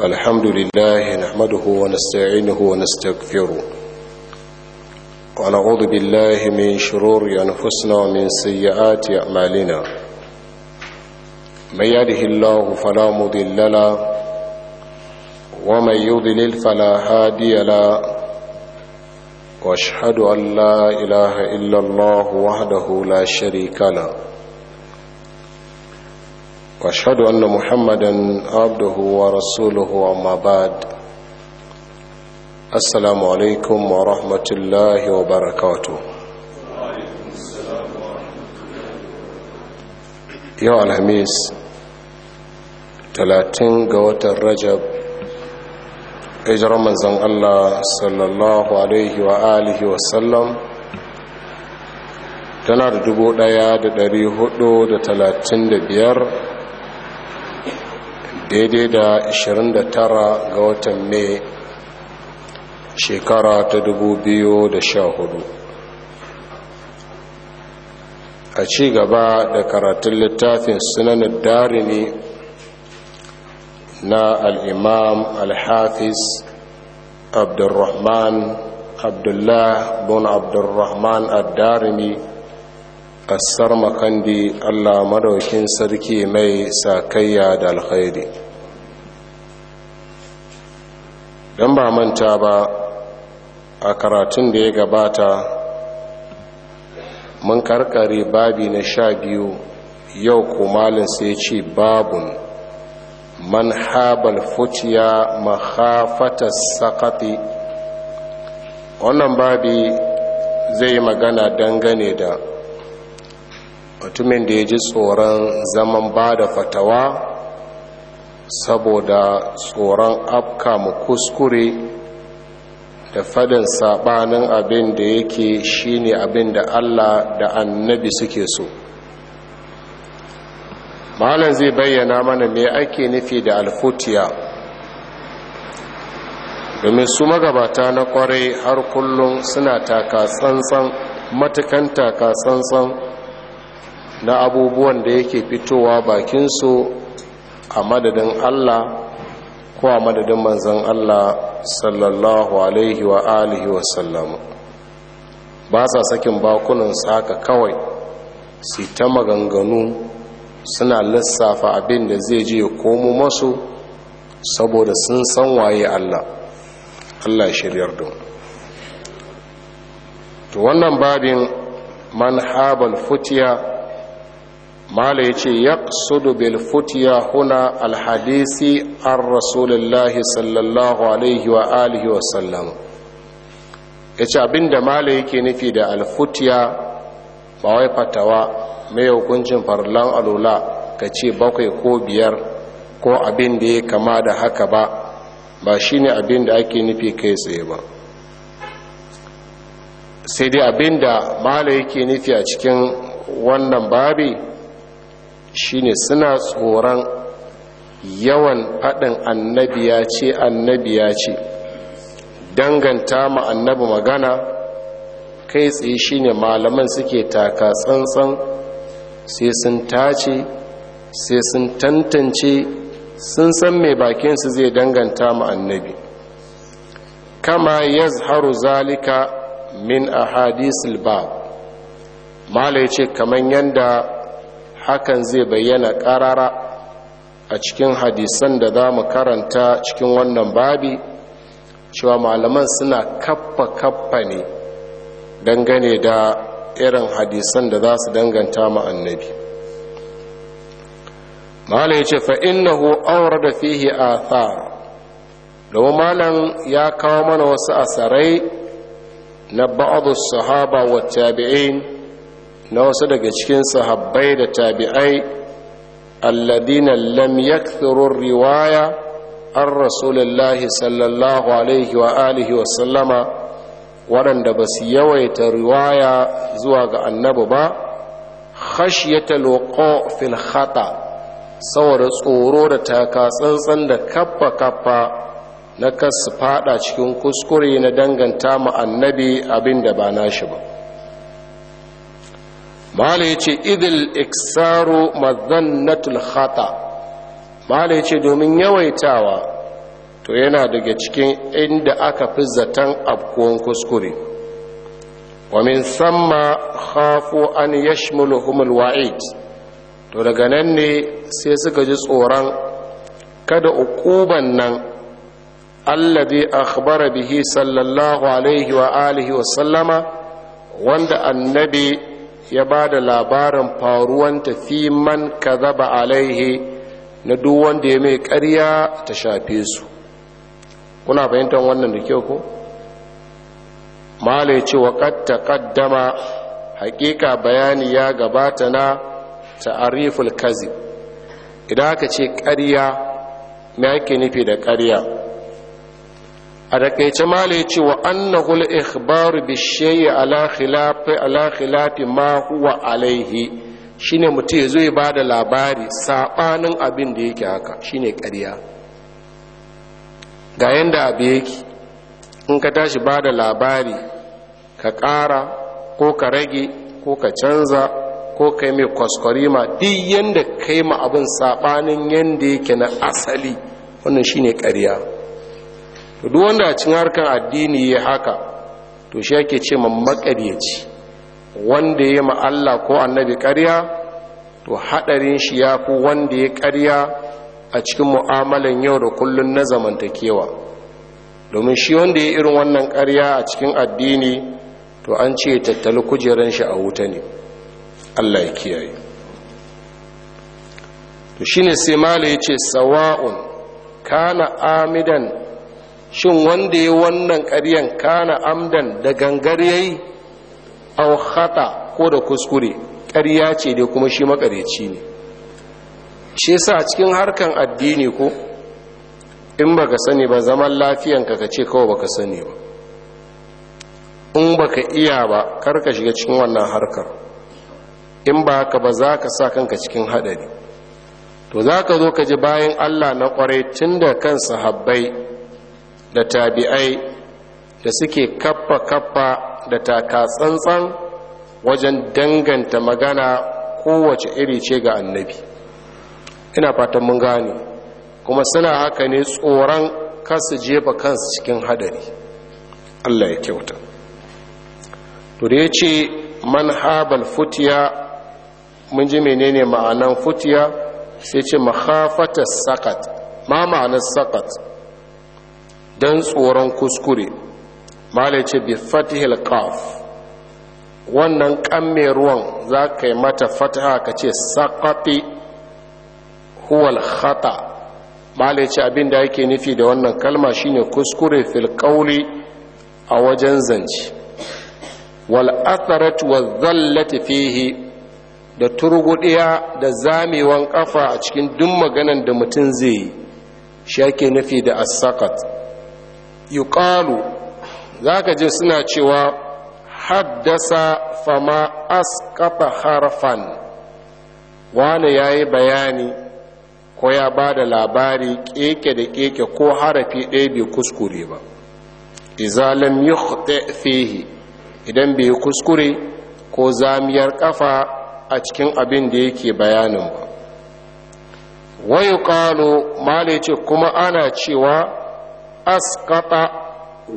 الحمد لله نحمده ونستعينه ونستغفره ونعوذ بالله من شرور أنفسنا ومن سيئات أعمالنا من يده الله فلا مضل له ومن يضلل فلا هادي له واشهد أن لا إله إلا الله وحده لا شريك له واشهد ان محمدا عبده ورسوله وما بعد السلام عليكم ورحمه الله وبركاته yau alhamis 30 ga watan rajab hijirar manzon allah sallallahu alaihi wa alihi sallam. tana da biyar. daidai da 29 ga watan mai shekara ta 2014 a ci gaba da karatun littafin sunanin darini na al'imam al-hafiz abdurrahman abdullah bin abdulrahman ad-darimi makandi allah madaukin sarki mai sakayya da alkhairi idan ba manta ba a karatun da ya gabata mun karkare babi na sha biyu yau kumalin sai ce babun man habal fuciya mahafata sakati wannan babi zai magana dangane da mutumin da ya ji tsoron zaman ba da fatawa saboda tsoron afka mu kuskure da fadin sabanin abin da yake shine abin da Allah da annabi suke so malam zai bayyana mana me ake nufi da alfutiya domin su magabata na kwarai har kullum suna taka tsantsan matukan taka tsantsan na abubuwan da yake fitowa bakinsu a madadin Allah ko a madadin manzan Allah sallallahu alaihi wa alihi wa sallama ba sa sakin bakunan haka kawai su ta maganganu suna lissafa abin da zai je komo masu saboda sun san waye Allah Allah shiryar don to wannan babin man habal futiya mala ya ce yaqsudu bil futiya huna alhadisi an rasulullahi sallallahu alaihi wa alihi wa sallam ya ce abinda mala yake nufi da alfutiya, futiya ba wai fatawa mai hukuncin farlan alula ka ce bakwai ko biyar ko abin da ya kama da haka ba ba shi ne abin da ake nufi kai tsaye ba sai dai abin da mala yake nufi a cikin wannan babi shine suna tsoron yawan faɗin annabiya ce annabiya ce danganta ma annabi magana kai tsaye shine malaman suke taka tsantsan sai sun tace sai sun tantance sun san mai bakin su zai danganta ma annabi kama yazharu zalika min a hadisul ba, Malam yace kamar yadda. hakan zai bayyana ƙarara a cikin hadisan da za mu karanta cikin wannan babi cewa malaman suna kaffa-kaffa ne dangane da irin hadisan da za su danganta ma annabi malam ya ce fa'innahu aure da fihi a tsara domin malam ya kawo mana wasu asarai na ba'adu sahaba wa tabi'in na wasu daga cikin sahabbai da tabi'ai alladina lam yakthuru riwaya an rasulullahi sallallahu alaihi wa alihi wa sallama waɗanda ba su yawaita riwaya zuwa ga annabi ba khashyata loqo fil khata saboda tsoro da taka tsantsan da kaffa kaffa na kasu fada cikin kuskure na danganta mu annabi abin da ba nashi ba mala ya ce idil iksaru mazannatul khata mala ya ce domin yawaitawa to yana daga cikin inda aka fi zaton abkuwan kuskure wa min samma khafu an yashmuluhum wa'id to daga nan ne sai suka ji tsoron kada uƙuban nan alladhi akhbara bihi sallallahu alaihi wa alihi wa sallama wanda annabi ya ba da labarin faruwan tafiman man zaba alaihe na duk wanda ya mai ƙarya ta shafe su kuna fahimtar wannan da kyau ko mala ya ce wa ƙatta ƙaddama haƙiƙa bayani ya gabata na ta'ariful kazi idan aka ce ƙarya me ake nufi da ƙarya a takaice mala ya ce wa annahu al-ikhbar bi shay'i ala khilafi ala khilafi ma huwa alaihi shine mutum ya ya bada labari sabanin abin da yake haka shine ƙarya ga yanda abu yake in ka tashi bada labari ka ƙara ko ka rage ko ka canza ko ka yi mai kwaskwarima duk yanda kai ma abin sabanin yanda yake na asali wannan shine ƙarya to duk wanda a cikin harkar addini ya haka to shi yake ce ma makaryaci wanda ya ma Allah ko annabi ƙarya to hadarin shi ya fi wanda ya ƙarya a cikin mu'amalan yau da kullun na zamantakewa domin shi wanda ya irin wannan ƙarya a cikin addini to an ce tattali kujeran shi a wuta ne Allah ya kiyaye to shine sai mala yace sawa'un kana amidan shin wanda ya wannan ƙaryan kana amdan da gangar yayi aw khata ko da kuskure ƙarya ce dai kuma shi makareci ne shi yasa cikin harkan addini ko in baka sani ba zaman lafiyanka ka ce kawai baka sani ba in baka iya ba kar shiga cikin wannan harkar in ba ka ba za ka sa kanka cikin haɗari to za ka zo ka ji bayan allah na kwarai tun da kan sahabbai da tabi'ai da suke kaffa kaffa da taka tsantsan wajen danganta magana kowace iri ce ga annabi ina fatan mun gane kuma suna haka ne tsoron kasu jefa kansu cikin hadari Allah ya kyauta to da ya ce man manhabal futiya mun ji menene ma'anan futiya sai ce mahafata sakat ma ma'anar sakat don tsoron kuskure mala ce bi fatihil qaf wannan kamme ruwan za ka yi mata fataha ka ce saƙaɗi huwal khata mala ce abin da yake nufi da wannan kalma shine kuskure fil a wajen zance wal atharat wa zallati fihi da turgudiya da zamewan kafa a cikin duk maganan da mutum zai yi shi ake nufi da as yuqalu zaka je suna cewa haddasa fama askata harfan wani yayi bayani ko ya bada labari keke da keke ko harafi ɗaya bai kuskure ba lam yukhta fihi idan bai kuskure ko zamiyar kafa a cikin abin da yake bayanin ba wayu qalu male ce kuma ana cewa wasa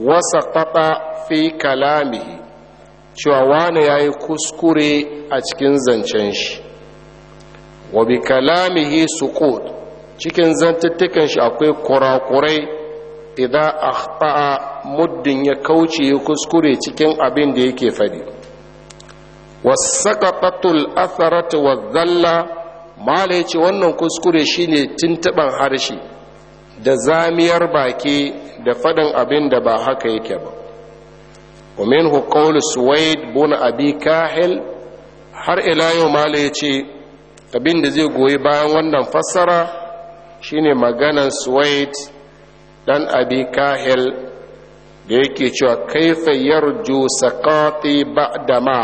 wasaqata fi kalamihi cewa wane yi kuskure a cikin zancen shi wa bi kalamihi su cikin zantattukan shi akwai kurakurai idan akhta'a muddin ya kauce ya kuskure cikin abin da yake fadi wasaqatatul atharatu wadh-dhalla mala ce wannan kuskure shine tintaban harshe da zamiyar baki da faɗin abin da ba haka yake ba ومنه قول سويد بن أبي كاهل har ila yau mala ya ce abin da zai goyi bayan wannan fassara shine maganan suwaid dan abi kahil da yake cewa kaifa yarju saqati ba'da ma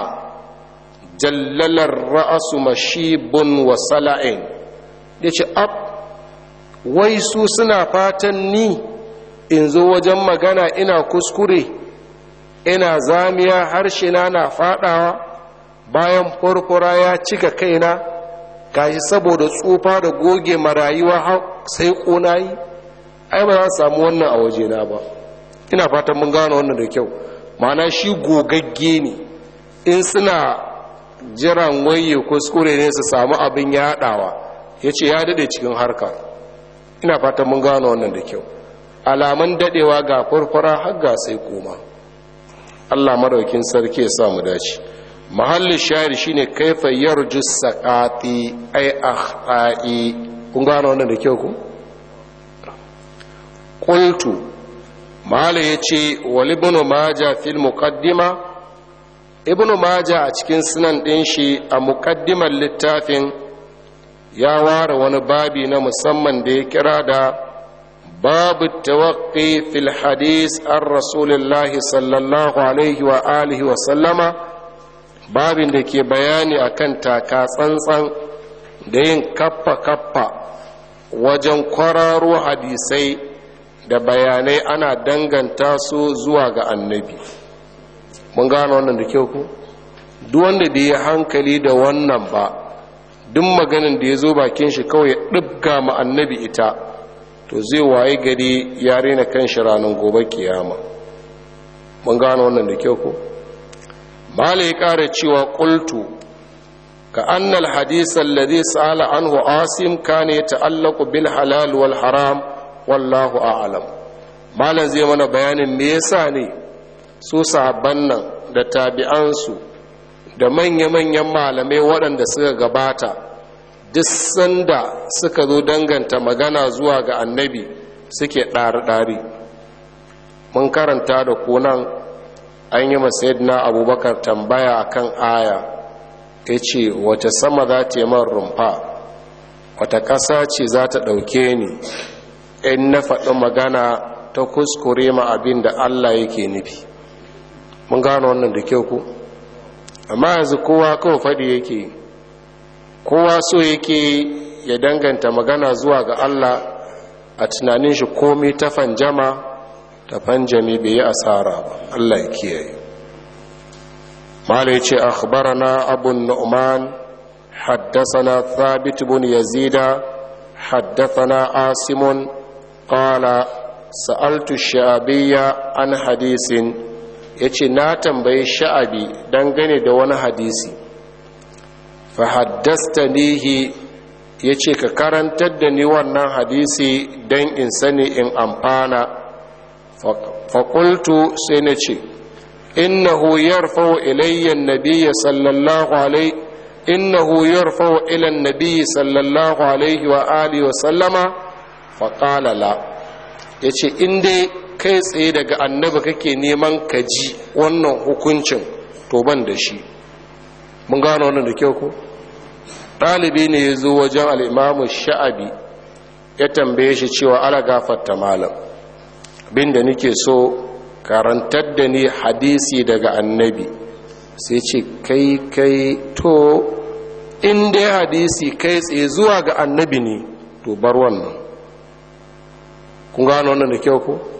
jallalar ra'asu mashibun wa sala'in ya ab wai su suna fatan ni in zo wajen magana ina kuskure ina zamiya harshena na fadawa bayan furfura ya cika kaina gashi saboda tsufa da goge marayuwa sai ƙona yi ai ba za su samu wannan a wajena ba ina fatan mun gano wannan da kyau ma'ana shi gogagge ne in suna jiran waye kuskure ne su samu abin yaɗawa ya ce ya daɗe cikin harka ina fata mun gano wannan da kyau alaman dadewa ga furfura har ga sai kuma. Allah maraukin sarki ya sa mu dace mahallin shayar shine kaifa yarju saqati ay akhta'i kun gano wannan da kyau ku qultu mahala yace wal ibnu maja fil muqaddima ibnu maja a cikin sunan din shi a muqaddimar littafin ya ware wani babi na musamman da ya kira da babu tawaki fil hadis an rasulullahi sallallahu alaihi wa alihi wa sallama babin da ke bayani a kan taka tsantsan da yin kaffa-kaffa wajen kwararo hadisai da bayanai ana danganta su zuwa ga annabi mun gano wannan da kyau ku duk wanda bai yi hankali da wannan ba duk maganin da ya zo bakin shi kawai ya ɗibga ma annabi ita to zai waye gari ya rena kan shi ranar gobe kiyama mun gano wannan da kyau ko mala ya ƙara cewa ƙultu ka annal hadisan ladhi sa'ala anhu asim kana yata'allaqu bil halal wal haram wallahu a'lam malam zai mana bayanin me yasa ne su sahabban nan da tabi'ansu da manya-manyan malamai waɗanda suka gabata duk sanda suka zo danganta magana zuwa ga annabi suke ɗari-ɗari mun karanta da kunan an yi masayidina abubakar tambaya kan aya ya ce wace sama za ta yi man rumfa wata ƙasa ce za ta ɗauke ni in na faɗi magana ta kuskure ma abin da allah yake nufi mun gano wannan da kyau ku amma yanzu kowa kawai faɗi yake kowa so yake ya danganta magana zuwa ga allah a tunanin shi komai ta fanjama ta fanjami bai yi asara ba allah ya kiyaye malai ce akhbarana abun nu'man haddasana ثابت بن Yazida, haddasana عاصم قال sa'altu shabiyya an Hadisin. ya ce na tambayi sha'abi don gane da wani hadisi fahaddasta nihi ya ce ka karantar da ni wannan hadisi don in sani in amfana fakultu sai na ce innahu yarfau ilayyan nabiya sallallahu alaihi innahu yarfau ilan nabiya sallallahu alaihi wa alihi wa sallama faqala Ya ce in dai kai tsaye daga annabi kake neman ka ji wannan hukuncin to ban da shi mun gano wannan da kyau ko ɗalibi ne ya zo wajen al'imamu sha'abi ya tambaye shi cewa ala ta malam abin da nake so karantar da ni hadisi daga annabi sai ce kai kai to in dai hadisi kai tsaye zuwa ga annabi ne to bar wannan kun gano wannan da kyau ko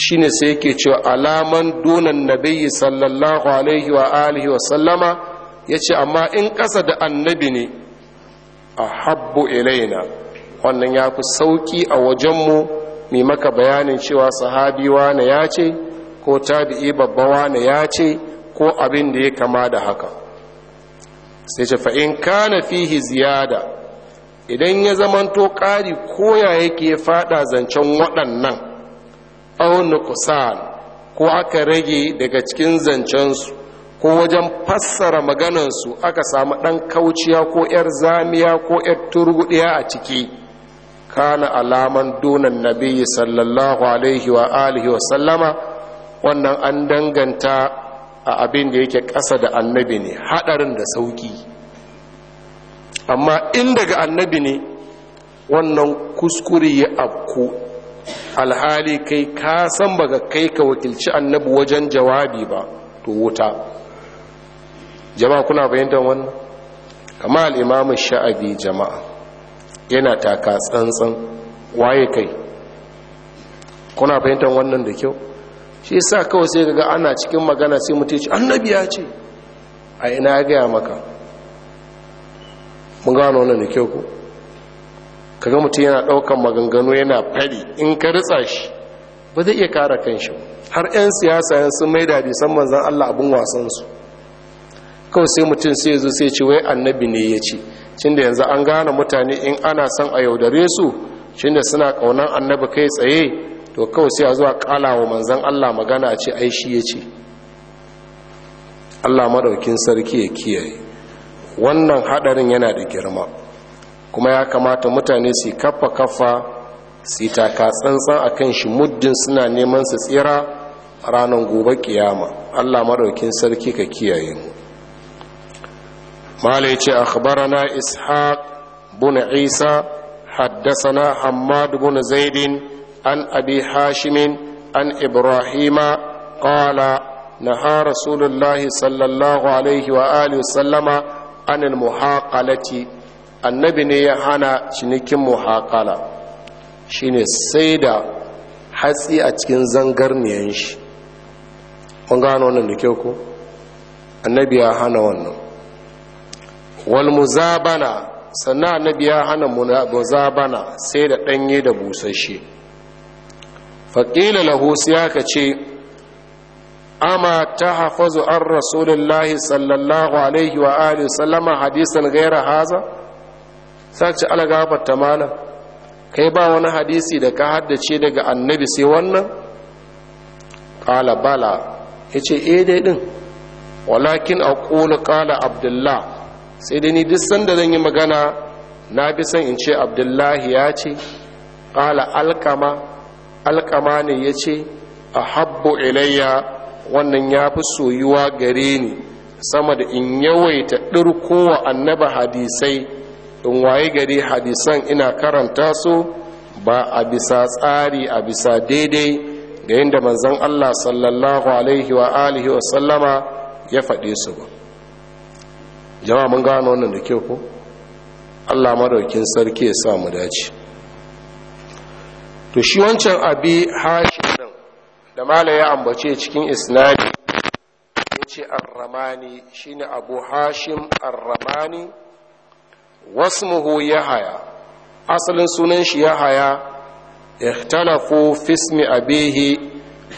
shine sai yake cewa alaman dunan nabi sallallahu alaihi wa alihi wa sallama yace amma in ƙasa da annabi ne a habbu ilaina wannan ya fi sauƙi a wajenmu mai maka bayanin cewa sahabi wane ya ce ko tabi'i babba wane ya ce ko abin da ya kama da haka sai ce fa'in kana fihi ziyada idan ya zamanto ƙari koya yake faɗa zancen waɗannan au nuqsan ko aka rage daga cikin zancensu ko wajen fassara maganansu aka samu ɗan kauciya ko 'yar zamiya ko 'yar turguɗiya a ciki kana alaman donan nabiyyi sallallahu alaihi wa alihi wa sallama wannan an danganta a abin da yake ƙasa da annabi ne haɗarin da sauƙi amma in daga annabi ne wannan kuskure ya afku alhali kai ka san baka kai ka wakilci annabi wajen jawabi ba to wuta jama'a kuna bayyantar wannan kama al'imamin sha'abi jama'a yana taka tsantsan waye kai kuna bayyantar wannan da kyau shi sa kawai sai ga ana cikin magana sai mutu ce annabi ya ce a ina ya gaya maka mun gano wannan da kyau ku kaga mutum yana ɗaukan maganganu yana fari in ka ritsa shi ba zai iya kara kanshi har 'yan siyasa yan sun maida san manzan Allah abin su. kawai sai mutum sai zo sai ce wai annabi ne ya ce cin yanzu an gane mutane in ana son a yaudare su cin da suna kaunan annabi kai tsaye to kawai sai a zuwa kala wa manzan Allah magana ce ai shi ya ce Allah maɗaukin sarki ya kiyaye wannan haɗarin yana da girma kuma ya kamata mutane su kafa kafa su taka tsantsan a kan shi muddin suna neman su tsira ranar gobe kiyama allah maɗaukin sarki ka kiyaye mu mala ya ce akhbarana ishaq bin isa haddasana hammad bin zaidin an abi hashimin an ibrahima qala نهى رسول الله صلى الله عليه وآله وسلم عن المحاقلة annabi ne ya hana cinikin muhakala shine sai da hatsi a cikin zangarniyan shi Kun gano wannan da kyau ko annabi ya hana wannan wal muzabana sannan annabi ya hana muzabana sai da danye da busasshe faƙila lahu sai ce ama ta hafazu an rasulullahi sallallahu alaihi wa alihi sallama hadisan gaira haza Sace ce ala gafarta malam kai ba wani hadisi da ka haddace daga annabi sai wannan Ƙala bala ya ce eh dai din walakin a aqulu ƙala abdullah sai dai ni duk sanda zan yi magana na bi san in ce abdullahi ya ce Ƙala alkama alkama ne ya ce a Habbo ilayya wannan ya fi soyuwa gare ni sama da in yawaita ɗirkowa annaba hadisai in waye gari hadisan ina karanta su ba a bisa tsari a bisa daidai ga yadda manzon Allah sallallahu alaihi wa alihi wa sallama ya faɗe su ba jama'a mun gano wannan da kyau ko Allah madaukin sarki ya sa mu dace to shi wancan abi hashim nan, da malai ya ambace cikin isnadi yace Arramani ramani shine abu hashim Arramani. ramani wasmuhu yahaya asalin sunan shi yahaya ikhtalafu a abihi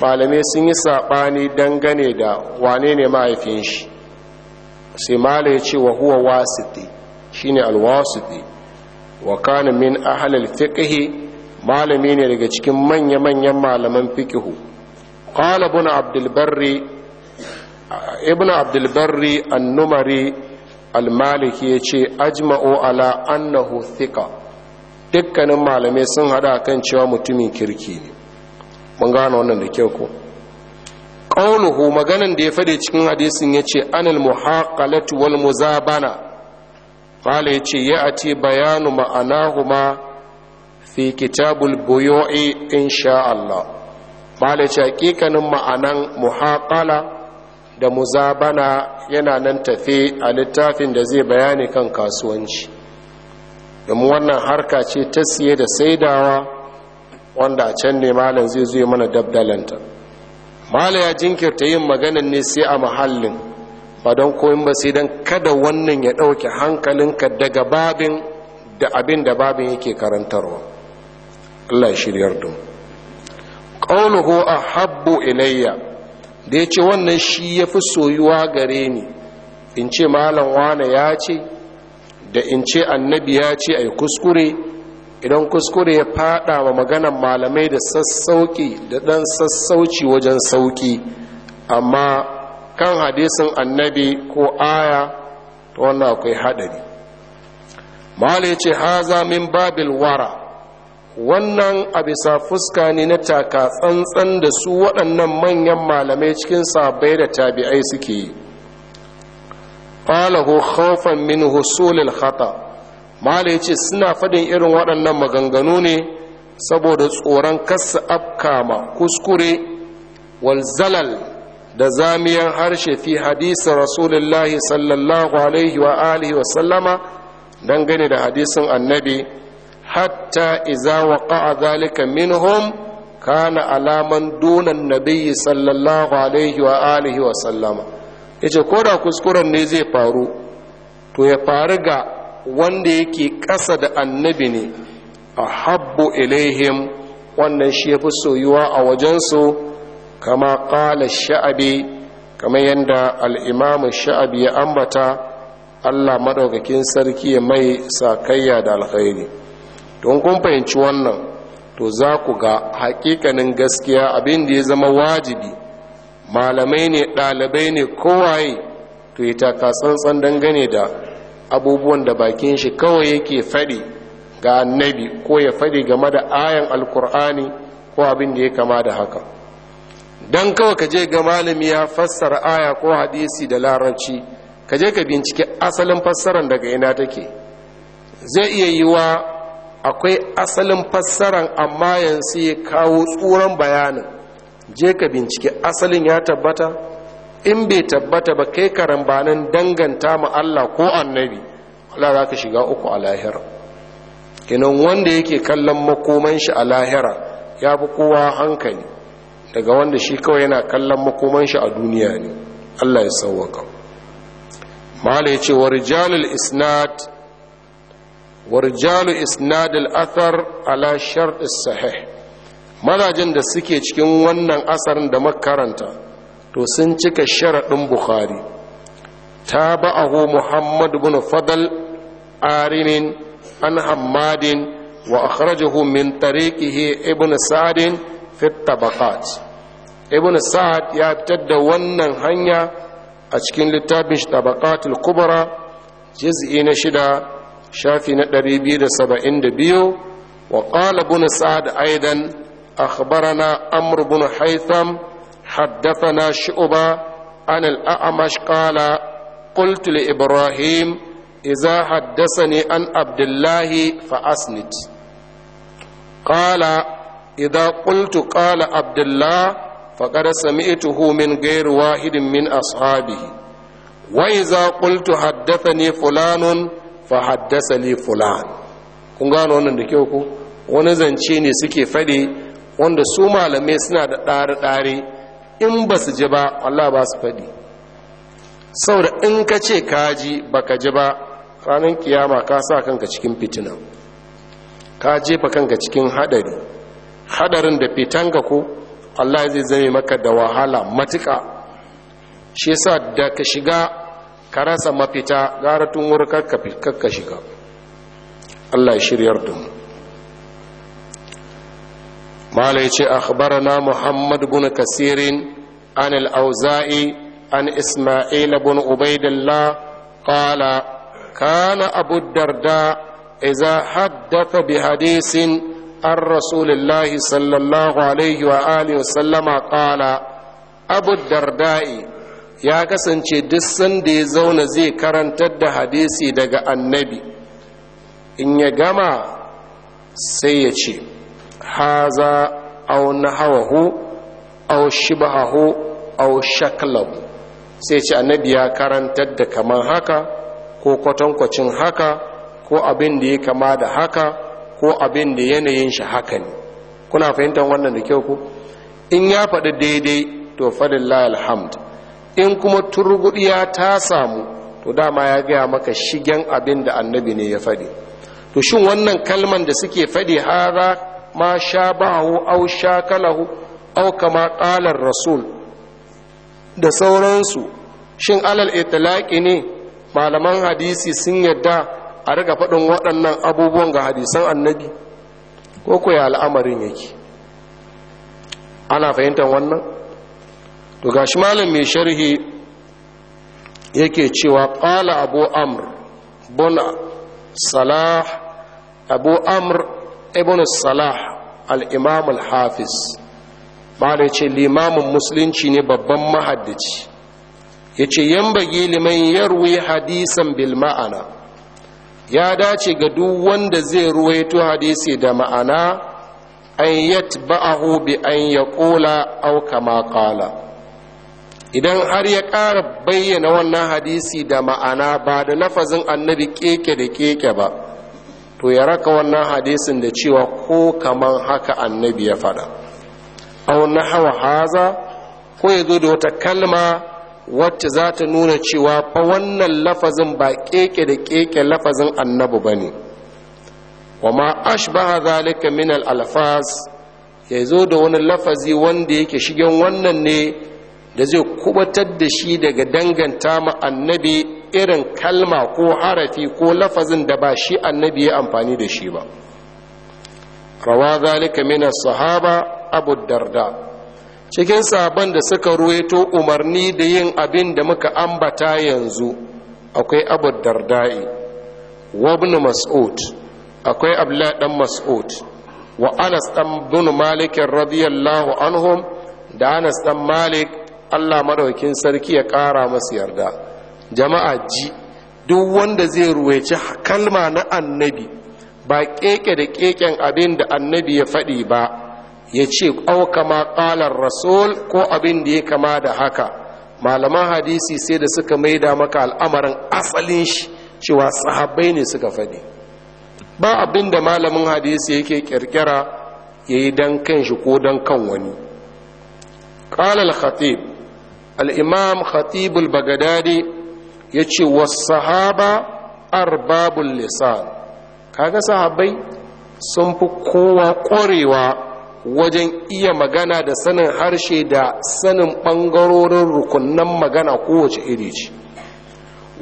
malamai sun yi saɓani dangane da wane ne mahaifin shi sai mala ya ce wa huwa wasiti shine alwasiti wa kana min ahli fiqhi malami ne daga cikin manya manyan malaman fiqhu qala ibn abdul an al-maliki ya ce ajma'o ala annahu thika dukkanin malamai sun hada kan cewa mutumin kirki ne mun gane wannan da kyau ko qauluhu maganan da ya fade cikin hadisin yace anal muhaqalatu wal muzabana qala ya ati bayanu ma'anahuma fi kitabul buyu'i insha Allah qala yace hakikanin ma'anan muhaqala da muzabana yana nan tafe a littafin da zai bayani kan kasuwanci domin wannan harka ce ta siye da saidawa wanda a can ne malam zai zuwa mana dabdalanta malam ya jinkirta yin maganan ne sai a mahallin ba don koyin ba sai don kada wannan ya ɗauke hankalinka daga babin da abin da babin yake karantarwa Allah shiryar don ƙaunuhu a habbo ilayya da ya ce wannan shi ya fi soyuwa gare ni in ce malam wane ya ce da in ce annabi ya ce a kuskure idan kuskure ya fada wa maganan malamai da sassauki da ɗan sassauci wajen sauki amma kan hadisin annabi ko aya ta wannan akwai haɗari mahala ya ce haza min babil wara wannan a bisa fuska ne na taka tsantsan da su waɗannan manyan malamai cikin sabai da tabi'ai suke yi ƙalahu khawfan min husulil khata mala ce suna faɗin irin waɗannan maganganu ne saboda tsoron kasa afkama kuskure walzalal da zamiyan harshe fi hadisi rasulullahi sallallahu alaihi wa alihi wa sallama dangane da hadisin annabi hatta iza waqa'a zalika minhum kana alaman dunan nabiyyi sallallahu alaihi wa alihi wa sallama yace ko kuskuren ne zai faru to ya faru ga wanda yake ƙasa da annabi ne a habbu ilaihim wannan shi ya fi soyuwa a wajensu kama ƙala sha'abi kamar yadda al'imamu sha'abi ya ambata allah maɗaukakin sarki mai sakayya da alkhairi don kun fahimci wannan to za ku ga hakikanin gaskiya abin da ya zama wajibi malamai ne ɗalibai ne kowaye to yi takatsantsan dangane da abubuwan da bakin shi kawai yake faɗi ga annabi ko ya faɗi game da ayan alkur'ani ko abin da ya kama da haka don kawai ka je ga malami ya fassara aya ko hadisi da larabci ka je ka bincike asalin fassarar daga ina take zai iya yi wa. akwai asalin fassaran amma yanzu ya kawo tsuran bayanin je ka bincike asalin ya tabbata in bai tabbata ba kai karambanin danganta ma Allah ko annabi Allah za ka shiga uku a lahira kinan wanda yake kallon makoman shi a lahira ya fi kowa hankali daga wanda shi kawai yana kallon makoman shi a duniya ne Allah ya sauwaka mala ya ce wa rijalul isnad warjalu isnadil athar ala shart sahih mazajen da suke cikin wannan asarin da makaranta to sun cika sharadin bukhari ta muhammad ibn fadal arinin an hammadin wa akhrajahu min tariqihi ibn sa'd fi tabaqat ibn sa'd ya fitar da wannan hanya a cikin littafin tabaqatul kubra juz'i na shida shafi na 272 wa qala ibn sa'd aidan akhbarana amr ibn haytham Haddasa shu'ba an al-a'mash qala qultu ibrahim idza haddathani an Abdullahi fa asnid qala idza qultu qala abdullah فقد سمعته من غير واحد من أصحابه وإذا قلت حدثني فلان fa haddasa fulan kun gano wannan da kyau ku. wani zance ne suke fade wanda su malamai suna da ɗare-ɗare in ba su ji ba Allah ba su fadi saboda in ka ce ka ji baka ji ba ranar kiyama ka sa kanka cikin fitina ka jefa kanka cikin hadari hadarin da fitan fitanka ku, Allah zai zame maka da wahala matuka shi yasa da ka shiga ka rasa mafita gara tun wuri kakka shiga Allah shiryar da mu mala ya ce muhammad bin kasirin an al-auza'i an isma'il bin ubaidillah qala kana abu darda idza haddatha bi hadisin an رسول sallallahu alaihi الله عليه وآله وسلم قال أبو الدرداء ya kasance duk sanda ya zauna zai karantar da hadisi daga annabi in ya gama sai ya ce haza au nahawahu au shibahahu au shaklahu sai ce annabi ya karantar da kaman haka ko kwatankwacin haka ko abin da ya kama da haka ko abin da yanayin shi haka ne kuna fahimtar wannan da kyau ku in ya faɗi daidai to faɗin alhamd in kuma ya ta samu to dama ya gaya maka shigen abin da annabi ne ya faɗi to shin wannan kalman da suke faɗi hara ma sha bahu au sha kalahu au kama ƙalar rasul da sauransu shin alal itilaki ne malaman hadisi sun yadda a riga faɗin waɗannan abubuwan ga hadisan annabi ko kuwa al'amarin yake ana fahimtar wannan to shi malam mai sharhi yake cewa qala abu amr salah abu amr ibn salah al-imam al-hafiz malai ce limamin musulunci ne babban mahaddaci ya ce yambagi liman yarwi hadisan bil ma'ana ya dace ga duk wanda zai ruwaito hadisi da ma'ana an ba'ahu bi an ya aw kama kala. idan har ya ƙara bayyana wannan hadisi da ma'ana ba da lafazin annabi keke da keke ba to ya raka wannan hadisin da cewa ko kaman haka annabi ya faɗa au na hawa haza ko ya zo da wata kalma wacce za ta nuna cewa fa wannan lafazin ba keke da keke lafazin annabi ba ne wa ma ashbaha zalika min al ya zo da wani lafazi wanda yake shigen wannan ne da zai kubatar da shi daga danganta ma annabi irin kalma ko harafi ko lafazin da ba shi annabi ya amfani da shi ba rawa zalika mina sahaba abu darda cikin sabon da suka ruweto umarni da yin abin da muka ambata yanzu akwai abu dardai wa ibn mas'ud akwai abla dan mas'ud wa anas dan bin malik radiyallahu anhum da anas dan malik allah madaukin sarki ya ƙara masu yarda jama'a ji duk wanda zai ruwaici kalma na annabi ba keke da keken abin da annabi ya faɗi ba ya ce kama ƙalar rasul ko abin da ya kama da haka malaman hadisi sai da suka maida maka al'amarin asalin shi cewa sahabbai ne suka faɗi ba abin da malamin hadisi yake kirkira ya yi don kan ko dan kan wani ƙalal khatib الإمام khatibul bagadadi ya ce sahaba اللسان lisan kaga sahabai sun fi kowa ƙwarewa wajen iya magana da sanin harshe da sanin ɓangarorin rukunan magana kowace iri ce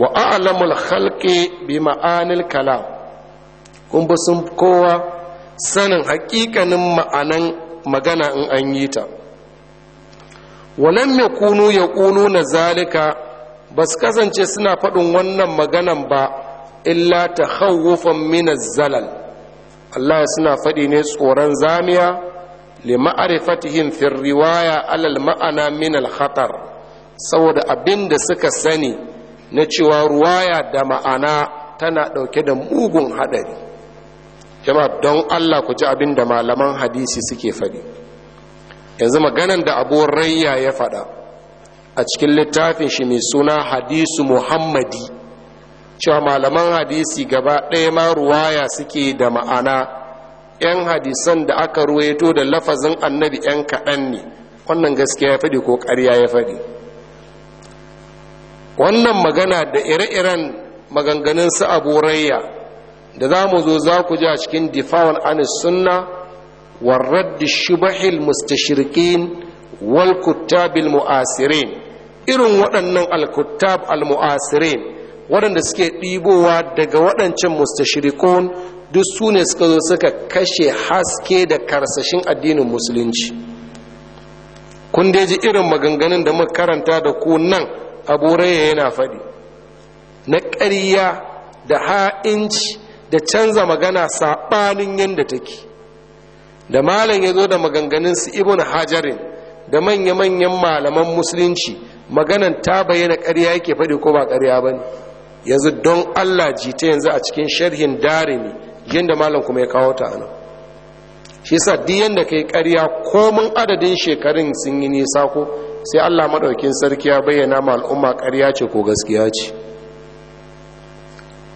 wa a'lamul khalqi bi ma'anil kalam kun ba sun kowa sanin haƙiƙanin ma'anan magana in an yi ta kunu ya kunu na zalika ba su kasance suna faɗin wannan maganan ba illa ta hauwufan mina zalal Allah ya suna faɗi ne tsoron zamiya li ma'arifatihin firriwaya riwaya alal ma'ana min al saboda abin da suka sani na cewa ruwaya da ma'ana tana ɗauke da mugun haɗari jama'a don Allah ku ji abin da malaman hadisi suke faɗi yanzu maganan da abu rayya ya faɗa a cikin littafin shi mai suna hadisu muhammadi cewa malaman hadisi gaba ɗaya ma ruwaya suke da ma'ana 'yan hadisan da aka ruwaito da lafazin annabi 'yan kaɗan ne wannan gaskiya ya faɗi ko ƙarya ya faɗi wannan magana da ire-iren maganganun su rayya da za mu zo za ku ji a cikin difawan anis sunna warraddi shubahil mustashirkin wal kuttabil mu'asirin irin waɗannan alkutab almu'asirin, al-mu'asirin waɗanda suke ɗibowa daga waɗancan mustashirikon, duk su ne suka zo suka kashe haske da karsashin addinin musulunci kun ji irin maganganun da muka karanta da ku nan abu yana faɗi na ƙarya da ha'inci da canza magana saɓanin yadda take da malam ya zo da maganganunsu ibn hajarin da manya-manyan malaman musulunci maganan ta bayyana ƙarya yake faɗi ko ba ƙarya ba ne yanzu don allah jita yanzu a cikin sharhin ne, yadda malam kuma ya kawo ta anan shi sa duk yadda kai ƙarya komin adadin shekarun sun yi nisa ko sai allah maɗaukin sarki ya bayyana ma al'umma ƙarya ce ko gaskiya ce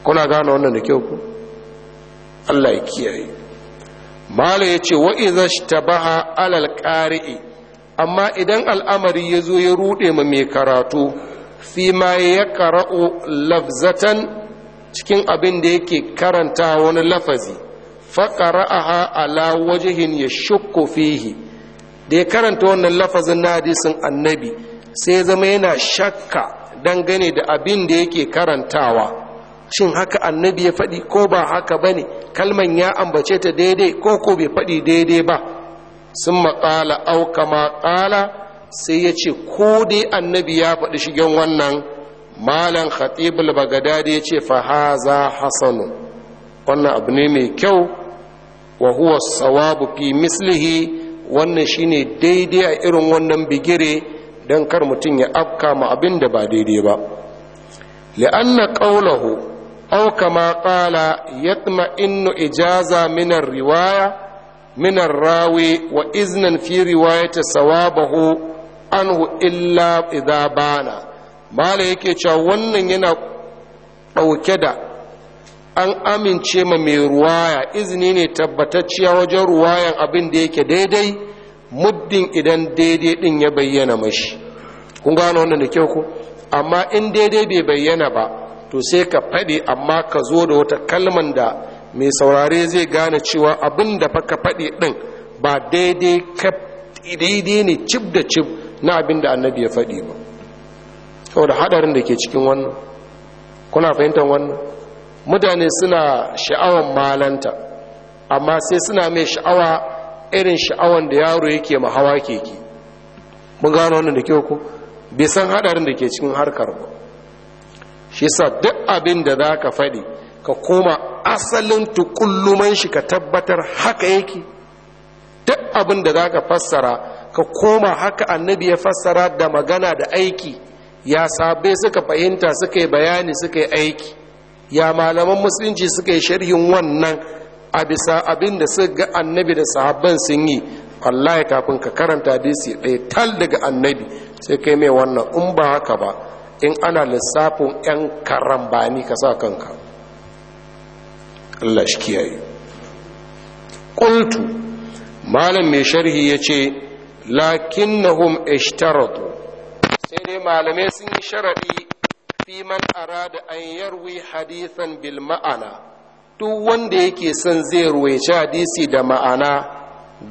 kuna gane wannan da kyau ku allah ya kiyaye mala ya ce wa'iza baha alal ƙari'i amma idan al'amari ya zo ya ruɗe ma mai karatu fi ma ya kara'u lafzatan cikin abin da yake karanta wani lafazi faƙara ha ala wajihin ya shukko fihi da ya karanta wannan lafazin na hadisin annabi sai zama yana shakka dangane da abin da yake karantawa shin haka annabi ya faɗi ko ba haka ba ne kalman ya ambace ta daidai ko ko bai faɗi daidai ba sun maƙala auka kama ƙala sai ya ce ko dai annabi ya faɗi shigen wannan malam khatibul bagadadi ya ce haza hasanu wannan abu ne mai kyau wa huwa sawabu fi mislihi wannan shine daidai a irin wannan bigire don kar mutum ya afka ma abin da ba daidai ba li'anna qawlahu أو كما قال يطمئن إجازة من الرواية من الراوي وإذن في رواية ثوابه عنه إلا إذا بان ما لك wannan yana ɗauke da an amince ma mai ruwaya izini ne tabbatacciya wajen ruwaya abin da yake daidai muddin idan daidai ɗin ya bayyana mashi kun gano wannan da kyau ku amma in daidai bai bayyana ba to sai ka faɗi amma ka zo da wata kalman da mai saurare zai gane cewa abin da fa ka faɗi ɗin ba daidai ne cib da cib na abin da annabi ya faɗi ba saboda haɗarin da ke cikin wannan kuna fahimtar wannan mutane suna sha'awan malanta amma sai suna mai sha'awa irin sha'awan da yaro yake ma hawa keke mun gano wannan da kyau ku. bai san haɗarin da ke cikin harkar ba shi sa duk abin da za ka faɗi ka koma asalin tukulluman shi ka tabbatar haka yake duk abin da za ka fassara ka koma haka annabi ya fassara da magana da aiki ya sabai suka fahimta suka yi bayani suka yi aiki ya malaman musulunci suka yi sharhin wannan a bisa abin da suka ga annabi da sahabban sun yi wallahi kafin ka karanta hadisi ɗaya tal daga annabi sai kai mai wannan in ba haka ba in ana lissafin 'yan karambani ka sa kanka Allah shi kiyaye ƙultu malam mai sharhi ya ce lakinnahum ishtaratu sai dai malamai sun yi sharaɗi fi man arada an yarwi hadithan bil ma'ana duk wanda yake son zai ruwaice hadisi da ma'ana